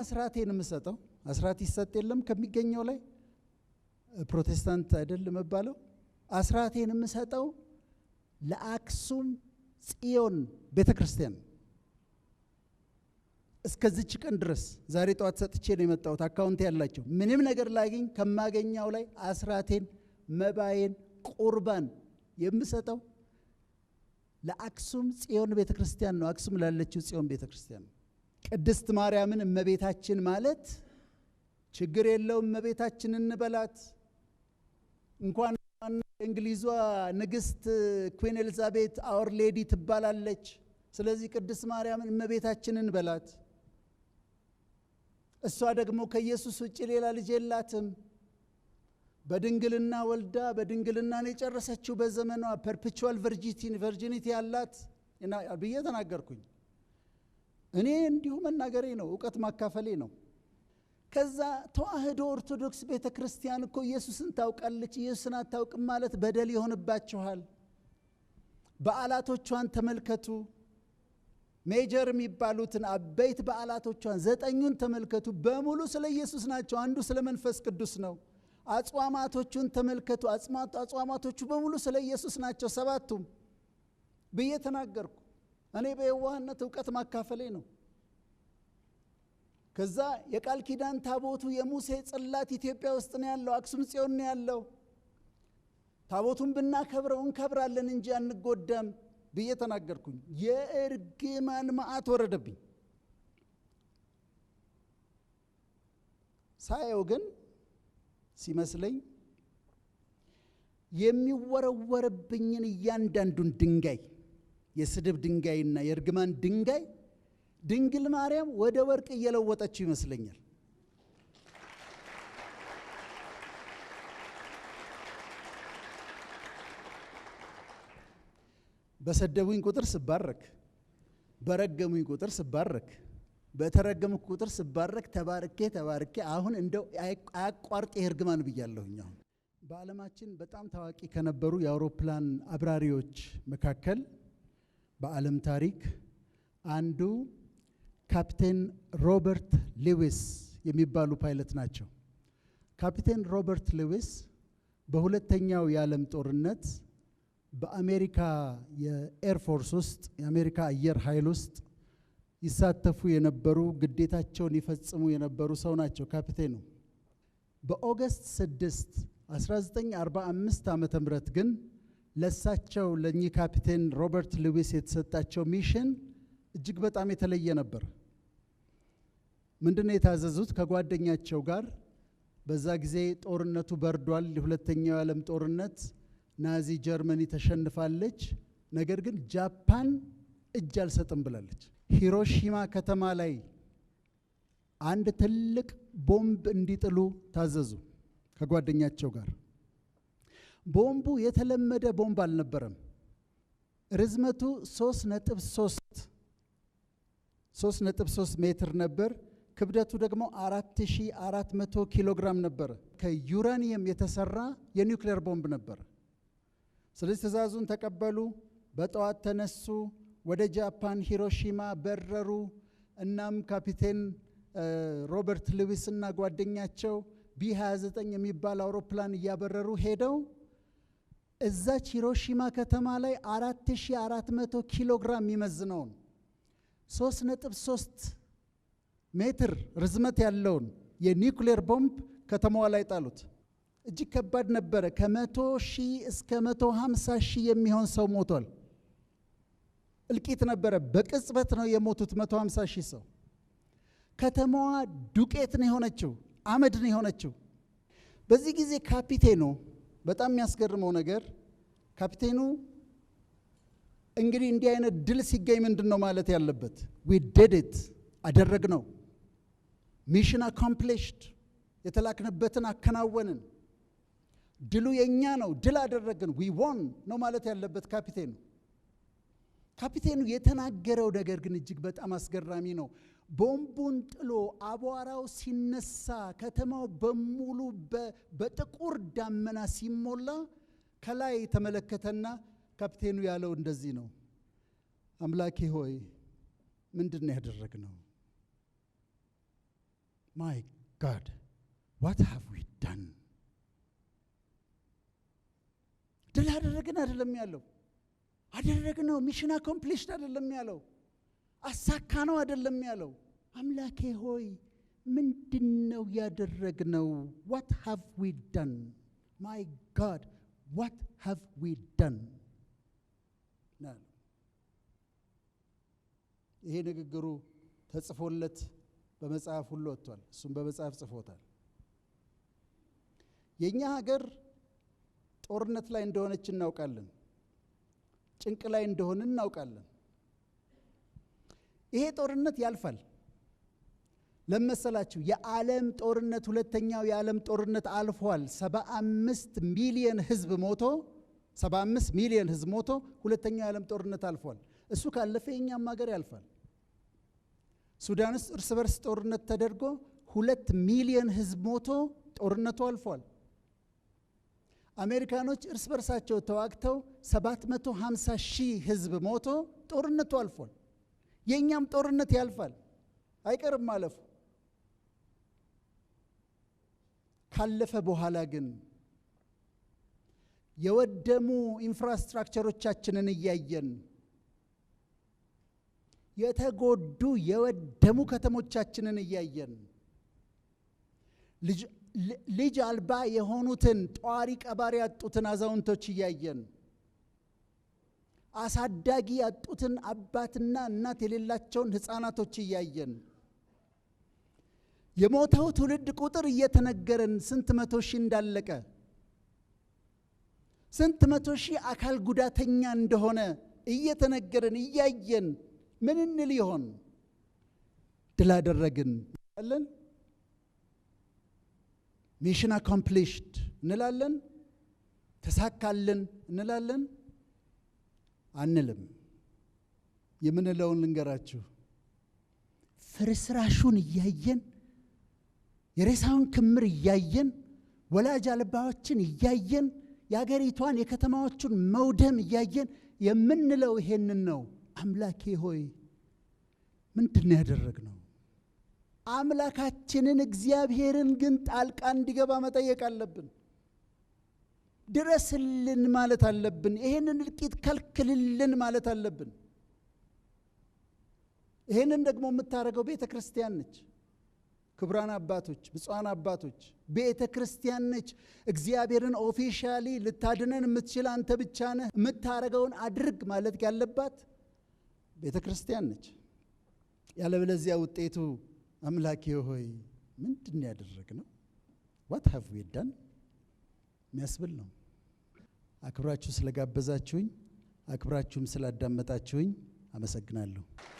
አስራቴን የምሰጠው አስራት ይሰጥ የለም ከሚገኘው ላይ ፕሮቴስታንት አይደል የምባለው? አስራቴን የምሰጠው ለአክሱም ጽዮን ቤተ ክርስቲያን እስከዚች ቀን ድረስ ዛሬ ጠዋት ሰጥቼ ነው የመጣሁት። አካውንት ያላቸው ምንም ነገር ላግኝ ከማገኛው ላይ አስራቴን፣ መባዬን፣ ቁርባን የምሰጠው ለአክሱም ጽዮን ቤተ ክርስቲያን ነው። አክሱም ላለችው ጽዮን ቤተ ክርስቲያን ነው። ቅድስት ማርያምን እመቤታችን ማለት ችግር የለው እመቤታችን እንበላት። እንኳን እንግሊዟ ንግስት ኩን ኤልዛቤት አወር ሌዲ ትባላለች። ስለዚህ ቅድስት ማርያምን እመቤታችን እንበላት። እሷ ደግሞ ከኢየሱስ ውጭ ሌላ ልጅ የላትም። በድንግልና ወልዳ በድንግልና ነው የጨረሰችው። በዘመኗ ፐርፔቹዋል ቨርጂኒቲ ያላት ብዬ ተናገርኩኝ። እኔ እንዲሁ መናገሬ ነው፣ እውቀት ማካፈሌ ነው። ከዛ ተዋህዶ ኦርቶዶክስ ቤተ ክርስቲያን እኮ ኢየሱስን ታውቃለች፣ ኢየሱስን አታውቅም ማለት በደል ይሆንባችኋል። በዓላቶቿን ተመልከቱ። ሜጀር የሚባሉትን አበይት በዓላቶቿን ዘጠኙን ተመልከቱ። በሙሉ ስለ ኢየሱስ ናቸው። አንዱ ስለ መንፈስ ቅዱስ ነው። አጽዋማቶቹን ተመልከቱ። አጽዋማቶቹ በሙሉ ስለ ኢየሱስ ናቸው። ሰባቱም ብዬ ተናገርኩ። እኔ በየዋህነት እውቀት ማካፈሌ ነው። ከዛ የቃል ኪዳን ታቦቱ የሙሴ ጽላት ኢትዮጵያ ውስጥ ነው ያለው፣ አክሱም ጽዮን ነው ያለው። ታቦቱን ብናከብረው እንከብራለን እንጂ አንጎዳም ብዬ ተናገርኩኝ። የእርግማን መዓት ወረደብኝ። ሳየው ግን ሲመስለኝ የሚወረወርብኝን እያንዳንዱን ድንጋይ የስድብ ድንጋይና የእርግማን ድንጋይ ድንግል ማርያም ወደ ወርቅ እየለወጠችው ይመስለኛል። በሰደቡኝ ቁጥር ስባረክ፣ በረገሙኝ ቁጥር ስባረክ፣ በተረገምኩ ቁጥር ስባረክ፣ ተባርኬ ተባርኬ አሁን እንደው አያቋርጥ እርግማን ብያለሁኝ። አሁን በዓለማችን በጣም ታዋቂ ከነበሩ የአውሮፕላን አብራሪዎች መካከል በዓለም ታሪክ አንዱ ካፕቴን ሮበርት ሌዊስ የሚባሉ ፓይለት ናቸው። ካፕቴን ሮበርት ሌዊስ በሁለተኛው የዓለም ጦርነት በአሜሪካ የኤርፎርስ ውስጥ የአሜሪካ አየር ኃይል ውስጥ ይሳተፉ የነበሩ ግዴታቸውን ይፈጽሙ የነበሩ ሰው ናቸው። ካፕቴኑ በኦገስት 6 1945 ዓ.ም ግን ለሳቸው ለእኚህ ካፒቴን ሮበርት ሉዊስ የተሰጣቸው ሚሽን እጅግ በጣም የተለየ ነበር። ምንድነው የታዘዙት? ከጓደኛቸው ጋር በዛ ጊዜ ጦርነቱ በርዷል። የሁለተኛው የዓለም ጦርነት ናዚ ጀርመኒ ተሸንፋለች። ነገር ግን ጃፓን እጅ አልሰጥም ብላለች። ሂሮሺማ ከተማ ላይ አንድ ትልቅ ቦምብ እንዲጥሉ ታዘዙ ከጓደኛቸው ጋር ቦምቡ የተለመደ ቦምብ አልነበረም። ርዝመቱ 3.3 3.3 ሜትር ነበር። ክብደቱ ደግሞ 4400 ኪሎ ግራም ነበር። ከዩራኒየም የተሰራ የኒውክሌር ቦምብ ነበር። ስለዚህ ትእዛዙን ተቀበሉ። በጠዋት ተነሱ፣ ወደ ጃፓን ሂሮሺማ በረሩ። እናም ካፒቴን ሮበርት ልዊስ እና ጓደኛቸው ቢ 29 የሚባል አውሮፕላን እያበረሩ ሄደው እዛች ሂሮሺማ ከተማ ላይ 4400 ኪሎ ግራም የሚመዝነውን 3.3 ሜትር ርዝመት ያለውን የኒውክሌር ቦምብ ከተማዋ ላይ ጣሉት። እጅግ ከባድ ነበረ። ከመቶ ሺህ እስከ መቶ ሃምሳ ሺህ የሚሆን ሰው ሞቷል። እልቂት ነበረ። በቅጽበት ነው የሞቱት መቶ ሃምሳ ሺህ ሰው። ከተማዋ ዱቄት ነው የሆነችው፣ አመድ ነው የሆነችው። በዚህ ጊዜ ካፒቴኑ በጣም የሚያስገርመው ነገር ካፒቴኑ እንግዲህ እንዲህ አይነት ድል ሲገኝ ምንድን ነው ማለት ያለበት? ዊ ዲድ አደረግ ነው ሚሽን አኮምፕሊሽድ የተላክንበትን አከናወንን፣ ድሉ የእኛ ነው፣ ድል አደረግን፣ ዊ ዎን ነው ማለት ያለበት ካፒቴኑ። ካፒቴኑ የተናገረው ነገር ግን እጅግ በጣም አስገራሚ ነው። ቦምቡን ጥሎ አቧራው ሲነሳ ከተማው በሙሉ በጥቁር ዳመና ሲሞላ ከላይ ተመለከተና ካፕቴኑ ያለው እንደዚህ ነው፣ አምላኬ ሆይ ምንድን ነው ያደረግነው? ማይ ጋድ ዋት ሃቭ ዊ ዳን። ድል አደረግን አይደለም ያለው፣ አደረግነው ሚሽን አኮምፕሊሽድ አይደለም ያለው፣ አሳካ ነው አይደለም ያለው። አምላኬ ሆይ ምንድን ነው ያደረግነው? ዋት ሃቭ ዊ ዳን ማይ ጋድ ዋት have ዊ done ነው ይሄ ንግግሩ ተጽፎለት በመጽሐፍ ሁሉ ወጥቷል። እሱም በመጽሐፍ ጽፎታል። የእኛ ሀገር ጦርነት ላይ እንደሆነች እናውቃለን። ጭንቅ ላይ እንደሆን እናውቃለን። ይሄ ጦርነት ያልፋል። ለመሰላችሁ የዓለም ጦርነት ሁለተኛው የዓለም ጦርነት አልፏል። 75 ሚሊዮን ህዝብ ሞቶ 75 ሚሊዮን ህዝብ ሞቶ ሁለተኛው የዓለም ጦርነት አልፏል። እሱ ካለፈ የኛም ሀገር ያልፋል። ሱዳን ውስጥ እርስ በርስ ጦርነት ተደርጎ ሁለት ሚሊዮን ህዝብ ሞቶ ጦርነቱ አልፏል። አሜሪካኖች እርስ በርሳቸው ተዋግተው 750 ሺህ ህዝብ ሞቶ ጦርነቱ አልፏል። የእኛም ጦርነት ያልፋል፣ አይቀርም ማለፉ። ካለፈ በኋላ ግን የወደሙ ኢንፍራስትራክቸሮቻችንን እያየን የተጎዱ የወደሙ ከተሞቻችንን እያየን ልጅ አልባ የሆኑትን ጠዋሪ ቀባሪ ያጡትን አዛውንቶች እያየን አሳዳጊ ያጡትን አባትና እናት የሌላቸውን ሕፃናቶች እያየን የሞተው ትውልድ ቁጥር እየተነገረን ስንት መቶ ሺህ እንዳለቀ ስንት መቶ ሺህ አካል ጉዳተኛ እንደሆነ እየተነገረን እያየን ምን እንል ይሆን? ድል አደረግን እንላለን? ሚሽን አኮምፕሊሽድ እንላለን? ተሳካልን እንላለን? አንልም። የምንለውን ልንገራችሁ፣ ፍርስራሹን እያየን የሬሳውን ክምር እያየን ወላጅ አልባዎችን እያየን የአገሪቷን የከተማዎቹን መውደም እያየን የምንለው ይሄንን ነው። አምላኬ ሆይ ምንድን ነው አምላካችንን እግዚአብሔርን ግን ጣልቃ እንዲገባ መጠየቅ አለብን። ድረስልን ማለት አለብን። ይሄንን እልቂት ከልክልልን ማለት አለብን። ይሄንን ደግሞ የምታደርገው ቤተ ክርስቲያን ነች። ክቡራን አባቶች፣ ብፁዓን አባቶች፣ ቤተ ክርስቲያን ነች። እግዚአብሔርን ኦፊሻሊ ልታድነን የምትችል አንተ ብቻ ነህ፣ የምታረገውን አድርግ ማለት ያለባት ቤተ ክርስቲያን ነች። ያለበለዚያ ውጤቱ አምላኪ ሆይ ምንድን ያደረግ ነው ዋት ሃቭ ዊ ዳን የሚያስብል ነው። አክብራችሁ ስለጋበዛችሁኝ፣ አክብራችሁም ስላዳመጣችሁኝ አመሰግናለሁ።